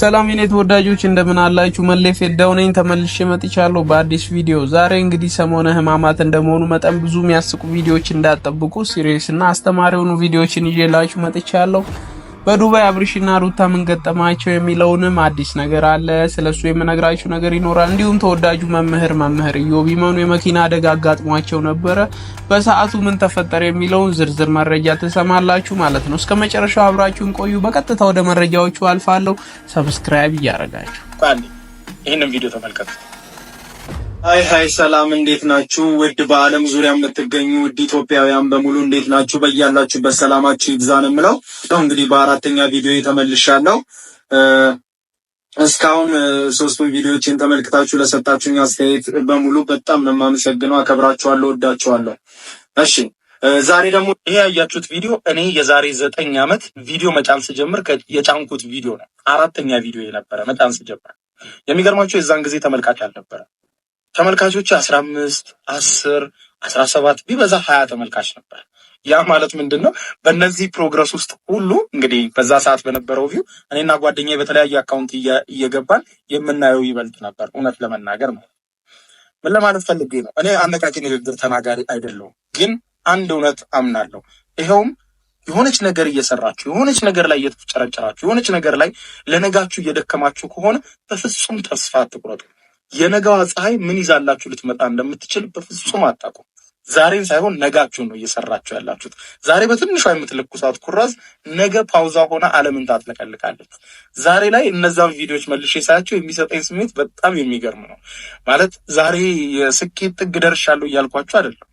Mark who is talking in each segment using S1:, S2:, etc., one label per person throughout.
S1: ሰላም የኔ ተወዳጆች እንደምን አላችሁ? መሌ ፌዳው ነኝ። ተመልሼ መጥቻለሁ በአዲስ ቪዲዮ። ዛሬ እንግዲህ ሰሞነ ህማማት እንደመሆኑ መጠን ብዙ የሚያስቁ ቪዲዮዎች እንዳጠብቁ ሲሪየስ እና አስተማሪ የሆኑ ቪዲዮዎችን ይዤላችሁ መጥቻለሁ። በዱባይ አብሪሽና ሩታ ምን ገጠማቸው የሚለውንም አዲስ ነገር አለ። ስለሱ የምነግራችሁ ነገር ይኖራል። እንዲሁም ተወዳጁ መምህር መምህር ኢዮብ ይመኑ የመኪና አደጋ አጋጥሟቸው ነበረ። በሰዓቱ ምን ተፈጠረ የሚለውን ዝርዝር መረጃ ትሰማላችሁ ማለት ነው። እስከ መጨረሻው አብራችሁን ቆዩ። በቀጥታ ወደ መረጃዎቹ አልፋለሁ። ሰብስክራይብ እያረጋችሁ ይህንም ቪዲዮ ተመልከቱ። አይ ሀይ ሰላም እንዴት ናችሁ? ውድ በዓለም ዙሪያ የምትገኙ ውድ ኢትዮጵያውያን በሙሉ እንዴት ናችሁ? በያላችሁበት ሰላማችሁ ይብዛን የምለው ነው። እንግዲህ በአራተኛ ቪዲዮ ተመልሻለሁ። እስካሁን ሶስቱ ቪዲዮችን ተመልክታችሁ ለሰጣችሁኝ አስተያየት በሙሉ በጣም ነው የማመሰግነው። አከብራችኋለሁ፣ ወዳችኋለሁ። እሺ ዛሬ ደግሞ ይሄ ያያችሁት ቪዲዮ እኔ የዛሬ ዘጠኝ ዓመት ቪዲዮ መጫን ስጀምር የጫንኩት ቪዲዮ ነው። አራተኛ ቪዲዮ የነበረ መጫን ስጀምር የሚገርማችሁ የዛን ጊዜ ተመልካች አልነበረ ተመልካቾች አስራ አምስት አስር አስራ ሰባት ቢበዛ ሀያ ተመልካች ነበር። ያ ማለት ምንድን ነው? በእነዚህ ፕሮግረስ ውስጥ ሁሉ እንግዲህ በዛ ሰዓት በነበረው ቪው እኔና ጓደኛዬ በተለያየ አካውንት እየገባን የምናየው ይበልጥ ነበር። እውነት ለመናገር ነው። ምን ለማለት ፈልጌ ነው? እኔ አነቃቂ ንግግር ተናጋሪ አይደለሁም፣ ግን አንድ እውነት አምናለሁ። ይኸውም የሆነች ነገር እየሰራችሁ የሆነች ነገር ላይ እየተጨረጨራችሁ የሆነች ነገር ላይ ለነጋችሁ እየደከማችሁ ከሆነ በፍጹም ተስፋ አትቁረጡ። የነገዋ ፀሐይ ምን ይዛላችሁ ልትመጣ እንደምትችል በፍጹም አታውቁም። ዛሬን ሳይሆን ነጋችሁን ነው እየሰራችሁ ያላችሁት። ዛሬ በትንሿ የምትለኩሳት ኩራዝ ነገ ፓውዛ ሆና ዓለምን ታጥለቀልቃለች። ዛሬ ላይ እነዛን ቪዲዮዎች መልሼ ሳያቸው የሚሰጠኝ ስሜት በጣም የሚገርም ነው። ማለት ዛሬ የስኬት ጥግ ደርሻለሁ እያልኳችሁ አይደለም፣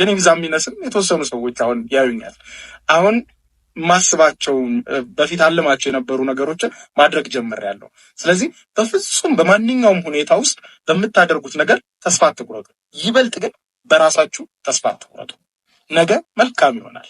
S1: ግን ይብዛም ይነስም የተወሰኑ ሰዎች አሁን ያዩኛል አሁን ማስባቸው በፊት አለማቸው የነበሩ ነገሮችን ማድረግ ጀምሬያለሁ። ስለዚህ በፍጹም በማንኛውም ሁኔታ ውስጥ በምታደርጉት ነገር ተስፋ አትቁረጡ። ይበልጥ ግን በራሳችሁ ተስፋ አትቁረጡ። ነገ መልካም ይሆናል።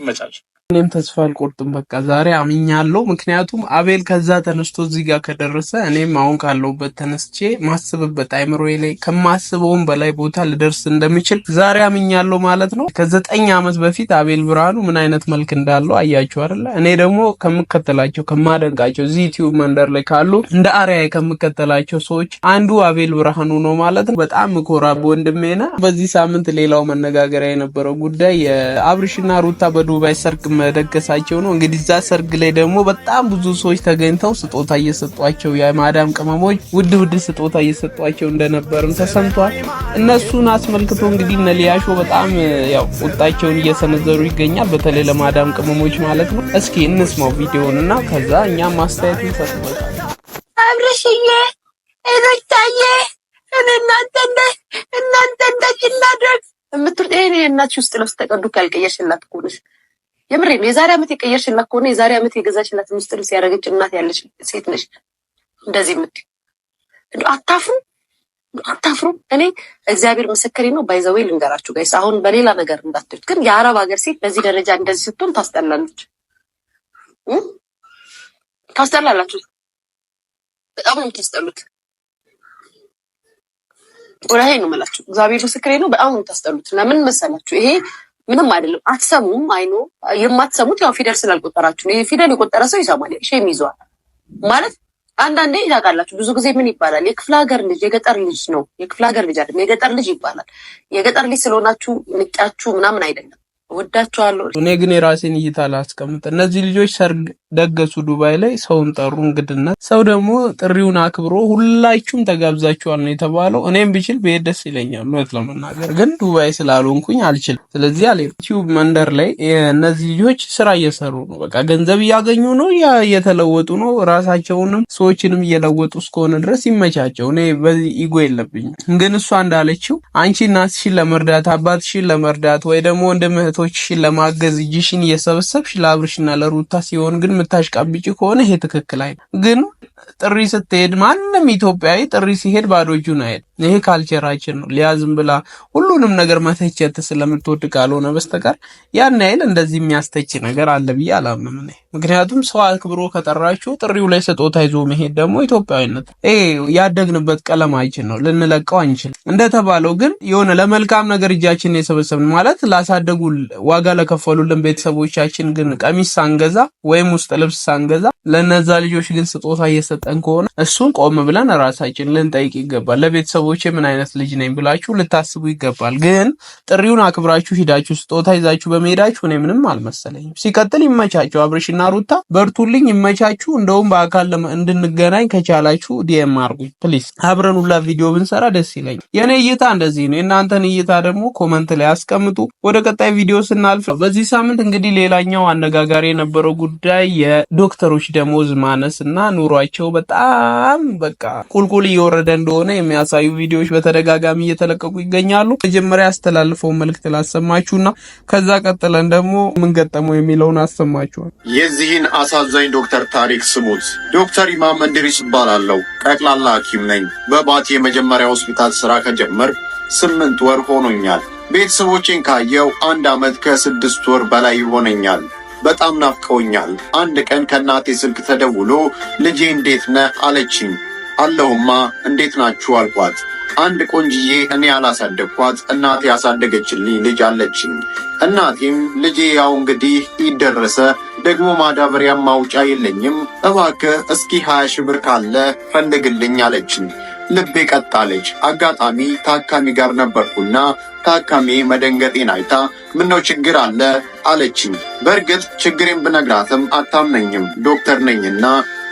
S1: ይመቻችሁ። እኔም ተስፋ አልቆርጥም። በቃ ዛሬ አምኛለሁ። ምክንያቱም አቤል ከዛ ተነስቶ እዚህ ጋር ከደረሰ እኔም አሁን ካለሁበት ተነስቼ ማስብበት አይምሮ ላይ ከማስበውም በላይ ቦታ ልደርስ እንደሚችል ዛሬ አምኛለሁ ማለት ነው። ከዘጠኝ ዓመት በፊት አቤል ብርሃኑ ምን አይነት መልክ እንዳለው አያችሁ አይደለ? እኔ ደግሞ ከምከተላቸው ከማደንቃቸው እዚህ ዩቲዩብ መንደር ላይ ካሉ እንደ አሪያ ከምከተላቸው ሰዎች አንዱ አቤል ብርሃኑ ነው ማለት ነው። በጣም እኮራ በወንድሜና በዚህ ሳምንት ሌላው መነጋገሪያ የነበረው ጉዳይ የአብርሽና ሩታ በዱባይ ሰርግ መደገሳቸው ነው። እንግዲህ እዛ ሰርግ ላይ ደግሞ በጣም ብዙ ሰዎች ተገኝተው ስጦታ እየሰጧቸው የማዳም ቅመሞች ውድ ውድ ስጦታ እየሰጧቸው እንደነበርም ተሰምቷል። እነሱን አስመልክቶ እንግዲህ እነ ሊያሾ በጣም ያው ቁጣቸውን እየሰነዘሩ ይገኛል። በተለይ ለማዳም ቅመሞች ማለት ነው። እስኪ እንስማው ቪዲዮን እና ከዛ እኛም ማስተያየት እንሰጥበታል።
S2: አብረሽዬ እረታዬ እናንተ እንደ እናንተ እንደች እናድረግ የምትወርድ ይሄን እናችሁ ውስጥ ለውስጥ ተቀዱ ካልቀየሽላት እኮ ነሽ የምሬም የዛሬ ዓመት የቀየርሽላት ከሆነ የዛሬ ዓመት የገዛችላት ምስጥ ልብስ ያደረገች እናት ያለች ሴት ነች። እንደዚህ ምት አታፍሩ አታፍሩ እኔ እግዚአብሔር ምስክሬ ነው። ባይዘዌ ልንገራችሁ ጋይስ፣ አሁን በሌላ ነገር እንዳትሉት፣ ግን የአረብ ሀገር ሴት በዚህ ደረጃ እንደዚህ ስትሆን ታስጠላለች፣ ታስጠላላችሁ። በጣም ነው የምታስጠሉት። ወላሂ ነው የምላችሁ፣ እግዚአብሔር ምስክሬ ነው። በጣም ነው የምታስጠሉት። ለምን መሰላችሁ ይሄ ምንም አይደለም። አትሰሙም። አይኖ የማትሰሙት ያው ፊደል ስላልቆጠራችሁ ነው። ፊደል የቆጠረ ሰው ይሰማል፣ ሼም ይዟል ማለት አንዳንዴ ታውቃላችሁ፣ ብዙ ጊዜ ምን ይባላል? የክፍለ ሀገር ልጅ የገጠር ልጅ ነው። የክፍለ ሀገር ልጅ አይደለም፣ የገጠር ልጅ ይባላል። የገጠር ልጅ ስለሆናችሁ ንቂያችሁ ምናምን አይደለም፣ ወዳችኋለሁ። እኔ
S1: ግን የራሴን እይታ ላስቀምጥ። እነዚህ ልጆች ሰርግ ደገሱ ዱባይ ላይ ሰውን ጠሩ እንግድነት ሰው ደግሞ ጥሪውን አክብሮ ሁላችሁም ተጋብዛችኋል ነው የተባለው። እኔም ብችል ብሄድ ደስ ይለኛል እውነት ለመናገር ግን ዱባይ ስላልሆንኩኝ አልችልም። ስለዚህ አለ ዩቲዩብ መንደር ላይ እነዚህ ልጆች ስራ እየሰሩ ነው። በቃ ገንዘብ እያገኙ ነው፣ እየተለወጡ ነው። ራሳቸውንም ሰዎችንም እየለወጡ እስከሆነ ድረስ ይመቻቸው። እኔ በዚህ ኢጎ የለብኝም። ግን እሷ እንዳለችው አንቺ እናትሽን ለመርዳት አባትሽን ለመርዳት ወይ ደግሞ ወንድም እህቶችሽን ለማገዝ እጅሽን እየሰበሰብሽ ለአብርሽና ለሩታ ሲሆን ግን ቢጭ ከሆነ ይሄ ትክክል አይ ግን ጥሪ ስትሄድ ማንም ኢትዮጵያዊ ጥሪ ሲሄድ ባዶ እጁን አይሄድ ይሄ ካልቸራችን ነው። ሊያዝም ብላ ሁሉንም ነገር መተቸት ስለምትወድ ካልሆነ በስተቀር ያን ያህል እንደዚህ የሚያስተች ነገር አለ ብዬ አላምንም እኔ። ምክንያቱም ሰው አክብሮ ከጠራችሁ ጥሪው ላይ ስጦታ ይዞ መሄድ ደግሞ ኢትዮጵያዊነት ይሄ ያደግንበት ቀለማችን ነው፣ ልንለቀው አንችልም። እንደተባለው ግን የሆነ ለመልካም ነገር እጃችን የሰበሰብን ማለት ላሳደጉ ዋጋ ለከፈሉልን ቤተሰቦቻችን ግን ቀሚስ ሳንገዛ ወይም ውስጥ ልብስ ሳንገዛ ለነዛ ልጆች ግን ስጦታ እየሰጠን ከሆነ እሱን ቆም ብለን ራሳችን ልንጠይቅ ይገባል። ለቤተሰቦቼ ምን አይነት ልጅ ነኝ ብላችሁ ልታስቡ ይገባል። ግን ጥሪውን አክብራችሁ ሂዳችሁ ስጦታ ይዛችሁ በመሄዳችሁ እኔ ምንም አልመሰለኝም። ሲቀጥል ይመቻችሁ፣ አብርሽና ሩታ በርቱልኝ፣ ይመቻችሁ። እንደውም በአካል እንድንገናኝ ከቻላችሁ ዲኤም አርጉኝ ፕሊስ። አብረን ሁላ ቪዲዮ ብንሰራ ደስ ይለኛል። የእኔ እይታ እንደዚህ ነው። የእናንተን እይታ ደግሞ ኮመንት ላይ አስቀምጡ። ወደ ቀጣይ ቪዲዮ ስናልፍ በዚህ ሳምንት እንግዲህ ሌላኛው አነጋጋሪ የነበረው ጉዳይ የዶክተሮች ደሞዝ ማነስ እና ኑሯቸው በጣም በቃ ቁልቁል እየወረደ እንደሆነ የሚያሳዩ ቪዲዮዎች በተደጋጋሚ እየተለቀቁ ይገኛሉ። መጀመሪያ ያስተላልፈው መልእክት ላሰማችሁና ከዛ ቀጥለን ደግሞ ምን ገጠመው የሚለውን አሰማችኋል። የዚህን አሳዛኝ
S3: ዶክተር ታሪክ ስሙት። ዶክተር ኢማም እንድሪስ እባላለሁ። ጠቅላላ ሐኪም ነኝ። በባቲ የመጀመሪያ ሆስፒታል ስራ ከጀመር ስምንት ወር ሆኖኛል። ቤተሰቦቼን ካየው አንድ ዓመት ከስድስት ወር በላይ ይሆነኛል። በጣም ናፍቀውኛል። አንድ ቀን ከእናቴ ስልክ ተደውሎ ልጄ እንዴት ነህ አለችኝ። አለሁማ እንዴት ናችሁ አልኳት። አንድ ቆንጅዬ እኔ አላሳደግኳት እናቴ ያሳደገችልኝ ልጅ አለችኝ። እናቴም ልጄ ያው እንግዲህ ይደረሰ ደግሞ ማዳበሪያም ማውጫ የለኝም፣ እባክህ እስኪ ሀያ ሺህ ብር ካለ ፈልግልኝ አለችኝ። ልቤ ቀጣለች። አጋጣሚ ታካሚ ጋር ነበርኩና ታካሚ መደንገጤን አይታ ምነው ችግር አለ አለችኝ። በእርግጥ ችግሬን ብነግራትም አታምነኝም፣ ዶክተር ነኝና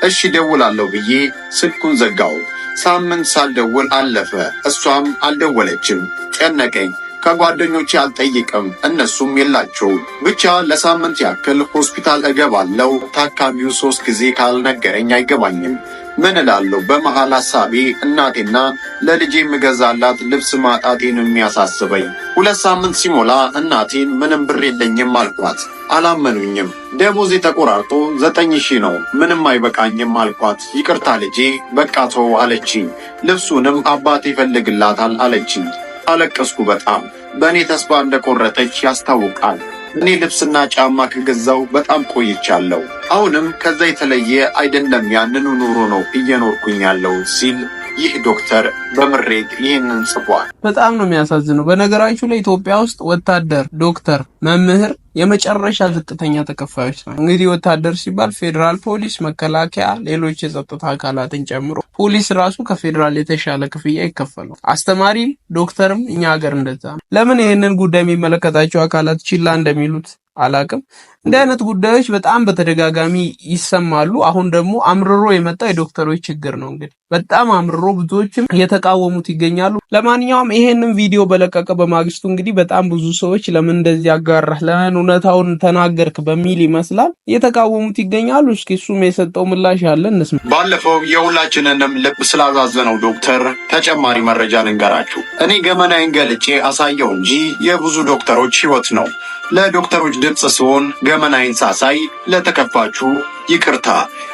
S3: እሺ ደውላለሁ ብዬ ስልኩን ዘጋው። ሳምንት ሳልደውል አለፈ። እሷም አልደወለችም። ጨነቀኝ። ከጓደኞቼ አልጠይቅም፣ እነሱም የላቸውም። ብቻ ለሳምንት ያክል ሆስፒታል እገባለሁ። ታካሚው ሶስት ጊዜ ካልነገረኝ አይገባኝም። ምን እላለሁ በመሃል ሐሳቤ እናቴና ለልጄ የምገዛላት ልብስ ማጣቴን የሚያሳስበኝ። ሁለት ሳምንት ሲሞላ እናቴን ምንም ብር የለኝም አልኳት። አላመኑኝም። ደሞዝ የተቆራርጦ ዘጠኝ ሺህ ነው ምንም አይበቃኝም አልኳት። ይቅርታ ልጄ በቃ ተው አለችኝ። ልብሱንም አባቴ ይፈልግላታል አለችኝ። አለቀስኩ በጣም በእኔ ተስፋ እንደቆረጠች ያስታውቃል። እኔ ልብስና ጫማ ከገዛው በጣም ቆይቻለሁ። አሁንም ከዛ የተለየ አይደለም፣ ያንኑ ኑሮ ነው እየኖርኩኝ ያለው ሲል ይህ ዶክተር በምሬት ይህንን ጽፏል። በጣም ነው የሚያሳዝነው። በነገራችሁ ላይ ኢትዮጵያ ውስጥ ወታደር፣ ዶክተር፣ መምህር የመጨረሻ ዝቅተኛ ተከፋዮች ናቸው። እንግዲህ ወታደር ሲባል ፌዴራል ፖሊስ፣ መከላከያ፣ ሌሎች የጸጥታ አካላትን ጨምሮ ፖሊስ ራሱ ከፌዴራል የተሻለ ክፍያ ይከፈለው። አስተማሪ፣ ዶክተርም እኛ ሀገር እንደዛ ነው። ለምን ይህንን ጉዳይ የሚመለከታቸው አካላት ችላ እንደሚሉት አላቅም። እንዲህ አይነት ጉዳዮች በጣም በተደጋጋሚ ይሰማሉ። አሁን ደግሞ አምርሮ የመጣ የዶክተሮች ችግር ነው። እንግዲህ በጣም አምርሮ ብዙዎችም እየተቃወሙት ይገኛሉ። ለማንኛውም ይሄንን ቪዲዮ በለቀቀ በማግስቱ እንግዲህ በጣም ብዙ ሰዎች ለምን እንደዚህ ያጋራህ፣ ለምን እውነታውን ተናገርክ በሚል ይመስላል እየተቃወሙት ይገኛሉ። እስኪ እሱም የሰጠው ምላሽ አለ እንስማ። ባለፈው የሁላችንንም ልብ ስላዛዘነው ዶክተር ተጨማሪ መረጃ ልንገራችሁ። እኔ ገመናዬን ገልጬ አሳየው እንጂ የብዙ ዶክተሮች ህይወት ነው ለዶክተሮች ድምፅ ሲሆን ገመናዬን ሳሳይ ለተከፋችሁ ይቅርታ።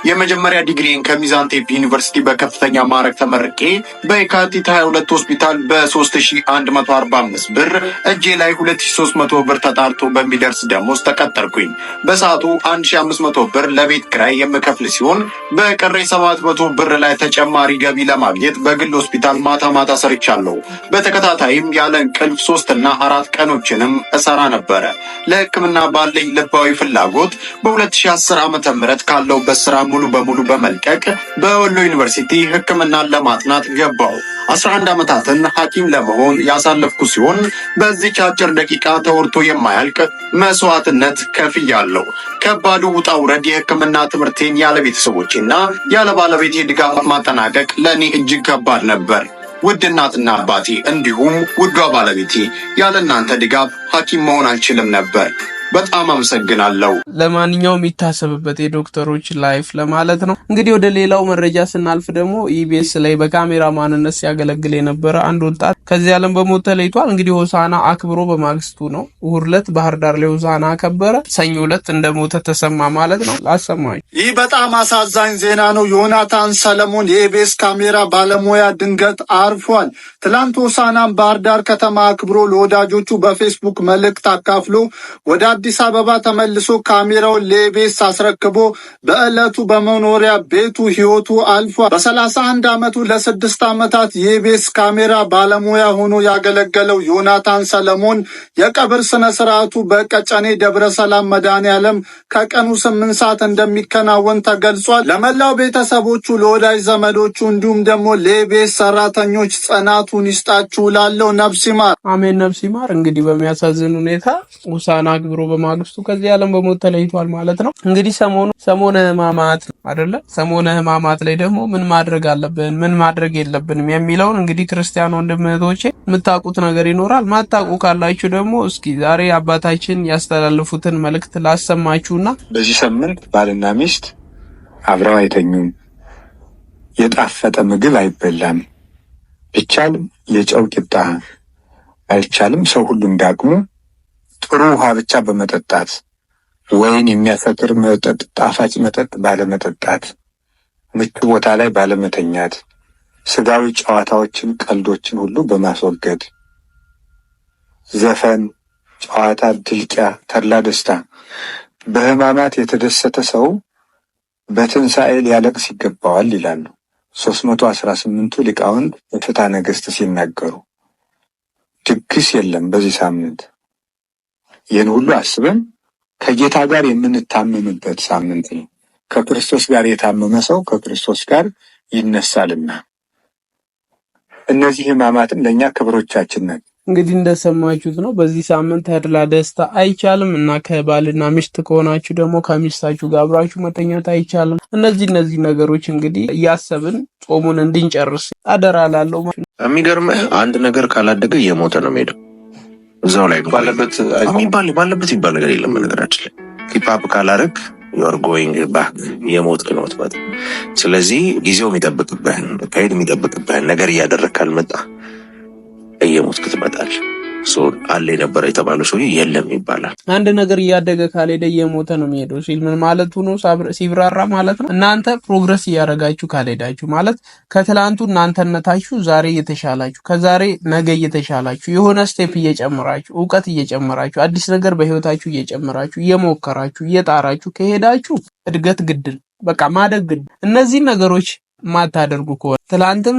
S3: የመጀመሪያ ዲግሪን ከሚዛን ቴፒ ዩኒቨርሲቲ በከፍተኛ ማዕረግ ተመርቄ በየካቲት 22 ሆስፒታል በ3145 ብር እጄ ላይ 2300 ብር ተጣርቶ በሚደርስ ደሞዝ ተቀጠርኩኝ። በሰዓቱ 1500 ብር ለቤት ክራይ የምከፍል ሲሆን በቅሬ 700 ብር ላይ ተጨማሪ ገቢ ለማግኘት በግል ሆስፒታል ማታ ማታ ሰርቻለሁ። በተከታታይም ያለ እንቅልፍ ሶስትና አራት ቀኖችንም እሰራ ነበረ። ለህክምና ባለኝ ልባ ፖለቲካዊ ፍላጎት በ2010 ዓ ም ካለውበት ስራ ሙሉ በሙሉ በመልቀቅ በወሎ ዩኒቨርሲቲ ሕክምናን ለማጥናት ገባው። 11 ዓመታትን ሐኪም ለመሆን ያሳለፍኩ ሲሆን በዚች አጭር ደቂቃ ተወርቶ የማያልቅ መስዋዕትነት ከፍያለሁ። ከባዱ ውጣ ውረድ የሕክምና ትምህርቴን ያለ ቤተሰቦቼና ያለ ባለቤቴ ድጋፍ ማጠናቀቅ ለእኔ እጅግ ከባድ ነበር። ውድ እናትና አባቴ እንዲሁም ውዷ ባለቤቴ፣ ያለ እናንተ ድጋፍ ሐኪም መሆን አልችልም ነበር። በጣም አመሰግናለሁ። ለማንኛውም የሚታሰብበት የዶክተሮች ላይፍ ለማለት ነው። እንግዲህ ወደ ሌላው መረጃ ስናልፍ ደግሞ ኢቢኤስ ላይ በካሜራ ማንነት ሲያገለግል የነበረ አንድ ወጣት ከዚህ ዓለም በሞት ተለይቷል። እንግዲህ ሆሳና አክብሮ በማግስቱ ነው እሑድ ዕለት ባህር ዳር ላይ ሆሳና አከበረ። ሰኞ ዕለት እንደሞተ ተሰማ ማለት ነው። ላሰማኝ ይህ በጣም አሳዛኝ ዜና ነው። ዮናታን ሰለሞን የኢቢኤስ ካሜራ ባለሙያ ድንገት አርፏል። ትላንት ሆሳናን ባህር ዳር ከተማ አክብሮ ለወዳጆቹ በፌስቡክ መልእክት አካፍሎ ወዳ አዲስ አበባ ተመልሶ ካሜራውን ለኢቢኤስ አስረክቦ በዕለቱ በመኖሪያ ቤቱ ህይወቱ አልፏል። በሰላሳ አንድ ዓመቱ ለስድስት ዓመታት የኢቢኤስ ካሜራ ባለሙያ ሆኖ ያገለገለው ዮናታን ሰለሞን የቀብር ስነ ስርዓቱ በቀጨኔ ደብረ ሰላም መድኃኔ ዓለም ከቀኑ ስምንት ሰዓት እንደሚከናወን ተገልጿል። ለመላው ቤተሰቦቹ፣ ለወዳጅ ዘመዶቹ እንዲሁም ደግሞ ለኢቢኤስ ሰራተኞች ጽናቱን ይስጣችሁ ላለው ነፍስ አሜን። ነፍስ እንግዲህ በሚያሳዝን ሁኔታ ውሳና አክብሮ በማግስቱ ከዚህ ዓለም በሞት ተለይቷል ማለት ነው። እንግዲህ ሰሞኑ ሰሞነ ህማማት አይደለ? ሰሞነ ህማማት ላይ ደግሞ ምን ማድረግ አለብን፣ ምን ማድረግ የለብንም የሚለውን እንግዲህ ክርስቲያን ወንድም እህቶቼ የምታውቁት ነገር ይኖራል። ማታውቁ ካላችሁ ደግሞ እስኪ ዛሬ አባታችን ያስተላልፉትን መልእክት ላሰማችሁና በዚህ ሳምንት ባልና ሚስት አብረው አይተኙም፣ የጣፈጠ ምግብ አይበላም፣ ቢቻልም የጨው ቂጣ አልቻልም ሰው ሁሉ እንዳቅሙ ጥሩ ውሃ ብቻ በመጠጣት ወይን የሚያሰክር መጠጥ፣ ጣፋጭ መጠጥ ባለመጠጣት፣ ምቹ ቦታ ላይ ባለመተኛት፣ ስጋዊ ጨዋታዎችን፣ ቀልዶችን ሁሉ በማስወገድ ዘፈን፣ ጨዋታ፣ ድልቂያ፣ ተድላ ደስታ። በህማማት የተደሰተ ሰው በትንሣኤ ሊያለቅስ ይገባዋል ይላሉ ሶስት መቶ አስራ ስምንቱ ሊቃውንት ፍትሐ ነገሥት ሲናገሩ። ድግስ የለም በዚህ ሳምንት። ይህን ሁሉ አስበን ከጌታ ጋር የምንታመምበት ሳምንት ነው። ከክርስቶስ ጋር የታመመ ሰው ከክርስቶስ ጋር ይነሳልና እነዚህ ህማማትን ለእኛ ክብሮቻችን ነን። እንግዲህ እንደሰማችሁት ነው። በዚህ ሳምንት ተድላ ደስታ አይቻልም እና ከባልና ሚስት ከሆናችሁ ደግሞ ከሚስታችሁ ጋር አብራችሁ መተኛት አይቻልም። እነዚህ እነዚህ ነገሮች እንግዲህ እያሰብን ጾሙን እንድንጨርስ አደራ ላለው። የሚገርምህ አንድ ነገር ካላደገ እየሞተ ነው ሄደው እዛው ላይ ባለበት ባለበት የሚባል ነገር የለም። ነገራችን ላይ ኪፓፕ ካላረግ ዩር ጎይንግ ባክ የሞት ቅኖት ማለት ስለዚህ ጊዜው የሚጠብቅብህን ከሄድ የሚጠብቅብህን ነገር እያደረግ ካልመጣ እየሞትክ ትመጣለህ። አለ የነበረ የተባለው ሰው የለም ይባላል። አንድ ነገር እያደገ ካልሄደ እየሞተ ነው የሚሄደው ሲል ምን ማለቱ ነው? ሲብራራ ማለት ነው እናንተ ፕሮግረስ እያደረጋችሁ ካልሄዳችሁ ማለት ከትላንቱ እናንተነታችሁ ዛሬ እየተሻላችሁ፣ ከዛሬ ነገ እየተሻላችሁ፣ የሆነ ስቴፕ እየጨመራችሁ፣ እውቀት እየጨመራችሁ፣ አዲስ ነገር በህይወታችሁ እየጨመራችሁ፣ እየሞከራችሁ፣ እየጣራችሁ ከሄዳችሁ እድገት ግድል በቃ ማደግ ግድል እነዚህን ነገሮች ማታደርጉ ከሆነ ትላንትም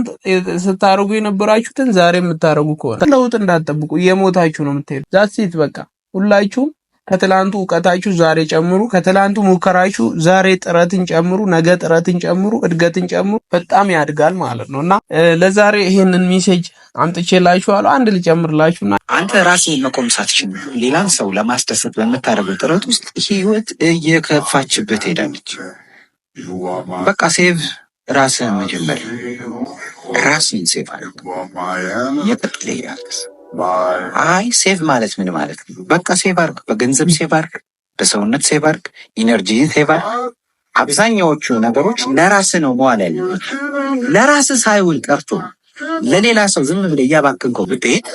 S3: ስታደርጉ የነበራችሁትን ዛሬ የምታደርጉ ከሆነ ለውጥ እንዳትጠብቁ እየሞታችሁ ነው የምትሄዱ። ዛሴት በቃ ሁላችሁም ከትላንቱ እውቀታችሁ ዛሬ ጨምሩ። ከትላንቱ ሙከራችሁ ዛሬ ጥረትን ጨምሩ። ነገ ጥረትን ጨምሩ፣ እድገትን ጨምሩ። በጣም ያድጋል ማለት ነው እና ለዛሬ ይሄንን ሚሴጅ አምጥቼላችኋለሁ። አንድ ልጨምርላችሁና አንተ ራስህን መቆም ሳትችል ሌላን ሰው ለማስደሰት በምታደርገው ጥረት ውስጥ ህይወት እየከፋችበት ሄዳለች። በቃ ሴቭ ራስ መጀመር ራስን ሴፍ አድርግ። የቅጥል አይ ሴቭ ማለት ምን ማለት ነው? በቃ ሴቭ አርግ፣ በገንዘብ ሴቭ አርግ፣ በሰውነት ሴቭ አርግ፣ ኢነርጂን ሴቭ አርግ። አብዛኛዎቹ ነገሮች ለራስ ነው መዋል ያለ። ለራስ ሳይውል ቀርቶ ለሌላ ሰው ዝም ብለህ እያባከንከው ብትሄድ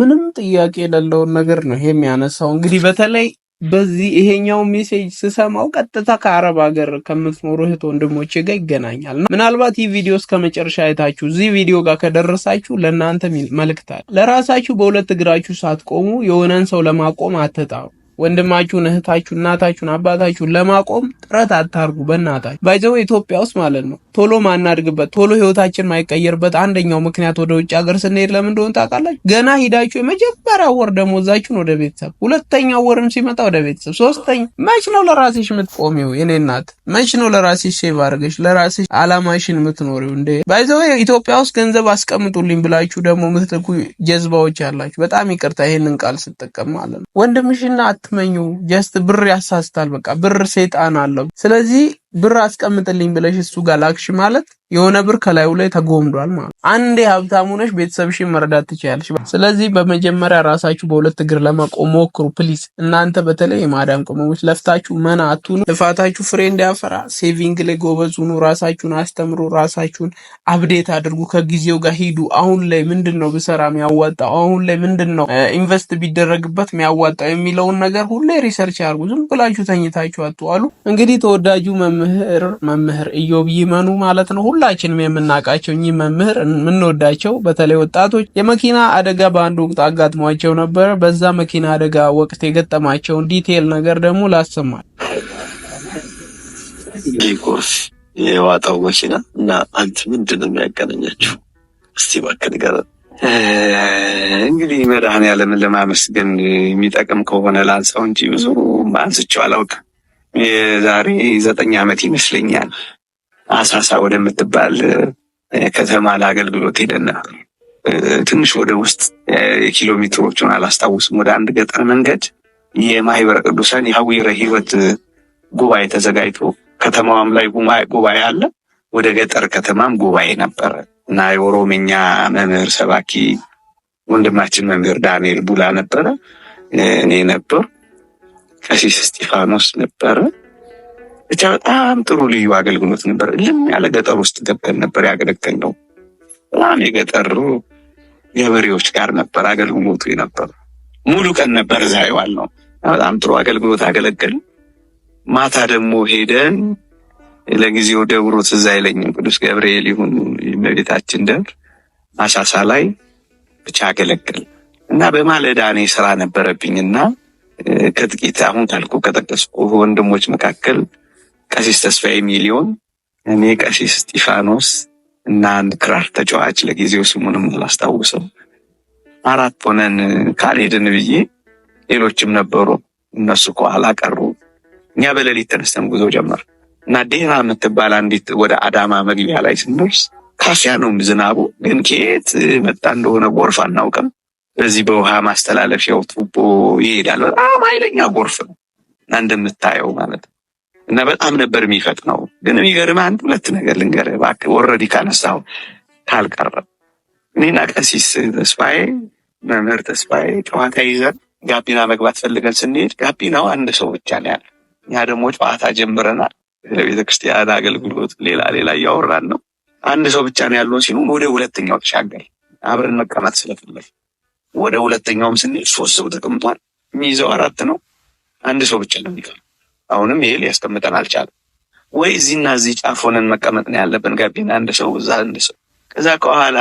S3: ምንም ጥያቄ የሌለውን ነገር ነው ይሄ የሚያነሳው እንግዲህ በተለይ በዚህ ይሄኛው ሜሴጅ ስሰማው ቀጥታ ከአረብ ሀገር ከምትኖሩ እህት ወንድሞቼ ጋር ይገናኛል። ምናልባት ይህ ቪዲዮ እስከ መጨረሻ አይታችሁ እዚህ ቪዲዮ ጋር ከደረሳችሁ ለእናንተ መልክታል። ለራሳችሁ በሁለት እግራችሁ ሳትቆሙ የሆነን ሰው ለማቆም አትጣሩ። ወንድማችሁን፣ እህታችሁ፣ እናታችሁን፣ አባታችሁን ለማቆም ጥረት አታርጉ። በእናታችሁ ባይዘው ኢትዮጵያ ውስጥ ማለት ነው ቶሎ ማናድግበት ቶሎ ህይወታችን ማይቀየርበት አንደኛው ምክንያት ወደ ውጭ ሀገር ስንሄድ ለምን እንደሆነ ታውቃላችሁ? ገና ሂዳችሁ የመጀመሪያ ወር ደሞዛችሁን ወደ ቤተሰብ፣ ሁለተኛው ወርም ሲመጣ ወደ ቤተሰብ፣ ሶስተኛ መች ነው ለራሴሽ የምትቆሚው? የኔ እናት መች ነው ለራሴሽ ሴቭ አድርገሽ ለራሴሽ አላማሽን የምትኖሪው? እንደ ባይዘው ኢትዮጵያ ውስጥ ገንዘብ አስቀምጡልኝ ብላችሁ ደግሞ ምትልኩ ጀዝባዎች ያላችሁ በጣም ይቅርታ ይሄንን ቃል ስጠቀም ማለት ነው ወንድምሽና አትመኙ። ጀስት ብር ያሳስታል። በቃ ብር ሰይጣን አለው። ስለዚህ ብር አስቀምጥልኝ ብለሽ እሱ ጋር ላክሽ ማለት የሆነ ብር ከላዩ ላይ ተጎምዷል ማለት። አንዴ ሀብታም ሆነሽ ቤተሰብሽን መረዳት ትችያለሽ። ስለዚህ በመጀመሪያ ራሳችሁ በሁለት እግር ለመቆም ሞክሩ ፕሊስ። እናንተ በተለይ የማዳም ቅመሞች ለፍታችሁ መና አትሁኑ። ልፋታችሁ ፍሬ እንዲያፈራ ሴቪንግ ላይ ጎበዝ ሁኑ። ራሳችሁን አስተምሩ። ራሳችሁን አብዴት አድርጉ። ከጊዜው ጋር ሂዱ። አሁን ላይ ምንድን ነው ብሰራ የሚያዋጣው፣ አሁን ላይ ምንድን ነው ኢንቨስት ቢደረግበት የሚያዋጣው የሚለውን ነገር ሁሌ ሪሰርች አድርጉ። ዝም ብላችሁ ተኝታችሁ አትዋሉ። እንግዲህ ተወዳጁ መምህር መምህር መምህር ኢዮብ ይመኑ ማለት ነው። ሁላችንም የምናውቃቸው እኚህ መምህር የምንወዳቸው፣ በተለይ ወጣቶች የመኪና አደጋ በአንድ ወቅት አጋጥሟቸው ነበር። በዛ መኪና አደጋ ወቅት የገጠማቸውን ዲቴል ነገር ደግሞ ላሰማል። ሪኮርስ የዋጣው መኪና እና አንተ ምንድን ነው የሚያገናኛችሁ? እስቲ እባክህ ንገረን። እንግዲህ መድኃኔዓለምን ለማመስገን የሚጠቅም ከሆነ ላንሳው እንጂ ብዙ አንስቼው አላውቅም። የዛሬ ዘጠኝ ዓመት ይመስለኛል አሳሳ ወደምትባል ከተማ ለአገልግሎት ሄደና ትንሽ ወደ ውስጥ የኪሎ ሜትሮቹን አላስታውስም፣ ወደ አንድ ገጠር መንገድ የማህበረ ቅዱሳን የሀዊረ ህይወት ጉባኤ ተዘጋጅቶ ከተማዋም ላይ ጉባኤ አለ። ወደ ገጠር ከተማም ጉባኤ ነበረ እና የኦሮምኛ መምህር ሰባኪ ወንድማችን መምህር ዳንኤል ቡላ ነበረ፣ እኔ ነበር። ቀሲስ እስጢፋኖስ ነበረ። ብቻ በጣም ጥሩ ልዩ አገልግሎት ነበር። ልም ያለ ገጠር ውስጥ ገብተን ነበር ያገለገል ነው። በጣም የገጠሩ ገበሬዎች ጋር ነበር አገልግሎቱ ነበር። ሙሉ ቀን ነበር እዛ ይዋል ነው። በጣም ጥሩ አገልግሎት አገለገል። ማታ ደግሞ ሄደን ለጊዜው ደብሮ ትዝ አይለኝም፣ ቅዱስ ገብርኤል ይሁን እመቤታችን ደብር አሳሳ ላይ ብቻ አገለገል እና በማለዳ እኔ ስራ ነበረብኝና ከጥቂት አሁን ካልኩ ከጠቀስኩ ወንድሞች መካከል ቀሲስ ተስፋዬ ሚሊዮን፣ እኔ ቀሲስ ስጢፋኖስ እና አንድ ክራር ተጫዋች ለጊዜው ስሙንም አላስታውሰው አራት ሆነን ካልሄድን ብዬ ሌሎችም ነበሩ። እነሱ ከኋላ ቀሩ። እኛ በሌሊት ተነስተን ጉዞ ጀመር እና ዴራ የምትባል አንዲት ወደ አዳማ መግቢያ ላይ ስንደርስ ካፊያ ነው ዝናቡ፣ ግን ከየት መጣ እንደሆነ ጎርፍ አናውቅም። በዚህ በውሃ ማስተላለፊያው ቱቦ ይሄዳል። በጣም ኃይለኛ ጎርፍ ነው እና እንደምታየው ማለት ነው። እና በጣም ነበር ነው። ግን የሚገርም አንድ ሁለት ነገር ልንገር እባክህ፣ ወረዲ ካነሳው ካልቀረ እኔና ቀሲስ ተስፋዬ መምህር ተስፋዬ ጨዋታ ይዘን ጋቢና መግባት ፈልገን ስንሄድ ጋቢናው አንድ ሰው ብቻ ነው ያለ። እኛ ደግሞ ጨዋታ ጀምረናል። ለቤተ ክርስቲያን አገልግሎት ሌላ ሌላ እያወራን ነው። አንድ ሰው ብቻ ነው ያለው ሲሉ ወደ ሁለተኛው ተሻገር አብረን መቀመጥ ስለፈለግ ወደ ሁለተኛውም ስንሄድ ሶስት ሰው ተቀምጧል። የሚይዘው አራት ነው። አንድ ሰው ብቻ ነው የሚቀር። አሁንም ይሄ ሊያስቀምጠን አልቻለም። ወይ እዚህና እዚህ ጫፍ ሆነን መቀመጥ ነው ያለብን። ጋቢን አንድ ሰው እዛ አንድ ሰው ከዛ ከኋላ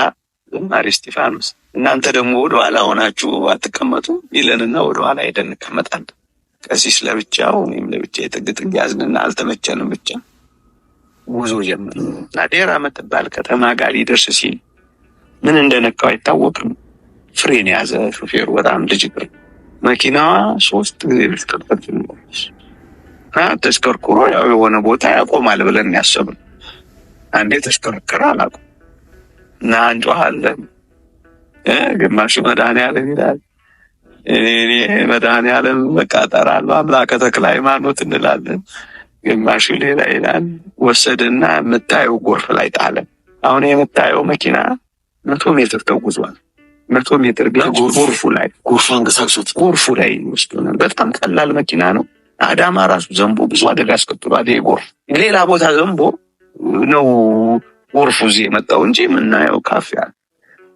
S3: ዘማሪ እስጢፋኖስ እናንተ ደግሞ ወደኋላ ሆናችሁ አትቀመጡ ይለንና ወደኋላ ሄደን እንቀመጣለን። ቀሲስ ለብቻ ወይም ለብቻ የጥግጥግ ያዝንና አልተመቸንም ብቻ ጉዞ ጀምር እና ዴራ የምትባል ከተማ ጋር ሊደርስ ሲል ምን እንደነካው አይታወቅም። ፍሬን የያዘ ሹፌሩ በጣም ልጅ እግር መኪናዋ ሶስት ጊዜ ልትቀጠል እና ተሽከርክሮ ያው የሆነ ቦታ ያቆማል ብለን ያሰብን አንዴ ተሽከረከረ አላቁ እና አንጮኋለን። ግማሹ መድኃኔዓለም ይላል። እኔ መድኃኔዓለም በቃ አምላከ ተክለ ሃይማኖት እንላለን። ግማሹ ሌላ ይላል። ወሰድና የምታየው ጎርፍ ላይ ጣለን። አሁን የምታየው መኪና መቶ ሜትር ተጉዟል። መቶ ሜትር ጎርፉ ላይ ጎርፉ አንቀሳቅሶት ጎርፉ ላይ ይወስደናል። በጣም ቀላል መኪና ነው። አዳማ ራሱ ዘንቦ ብዙ አደጋ አስከትሏል። ይሄ ጎርፍ ሌላ ቦታ ዘንቦ ነው ጎርፉ እዚህ የመጣው እንጂ የምናየው ካፌ አለ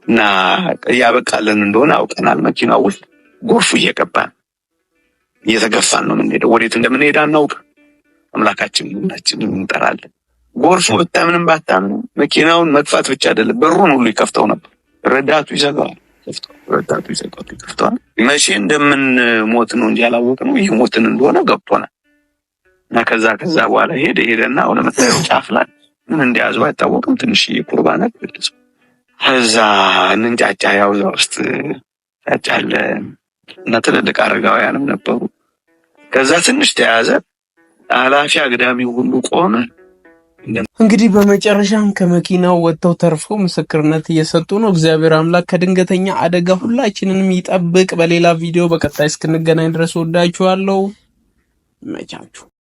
S3: እና እያበቃለን እንደሆነ አውቀናል። መኪናው ውስጥ ጎርፉ እየገባን እየተገፋን ነው የምንሄደው። ወዴት እንደምንሄድ አናውቅ። አምላካችን ሁላችን እንጠራለን። ጎርፉ ብታምንም ባታምን መኪናውን መግፋት ብቻ አይደለም፣ በሩን ሁሉ ይከፍተው ነበር። ረዳቱ ይዘጋዋል። ረዳቱ ይዘጋዋል። ይከፍተዋል። መቼ እንደምንሞት ነው እንጂ ያላወቅነው እየሞትን እንደሆነ ገብቶናል። እና ከዛ ከዛ በኋላ ሄደ ሄደና ወደ መታየው ጫፍ ላይ ምን እንደያዘው አይታወቅም። ትንሽ የቁርባ ነገር ከዛ እንንጫጫ ያው እዛ ውስጥ ጫጫለ እና ትልልቅ አረጋውያንም ነበሩ። ከዛ ትንሽ ተያዘ። አላፊ አግዳሚ ሁሉ ቆመ። እንግዲህ በመጨረሻም ከመኪናው ወጥተው ተርፎ ምስክርነት እየሰጡ ነው። እግዚአብሔር አምላክ ከድንገተኛ አደጋ ሁላችንንም ይጠብቅ። በሌላ ቪዲዮ በቀጣይ እስክንገናኝ ድረስ ወዳችኋለሁ። መቻችሁ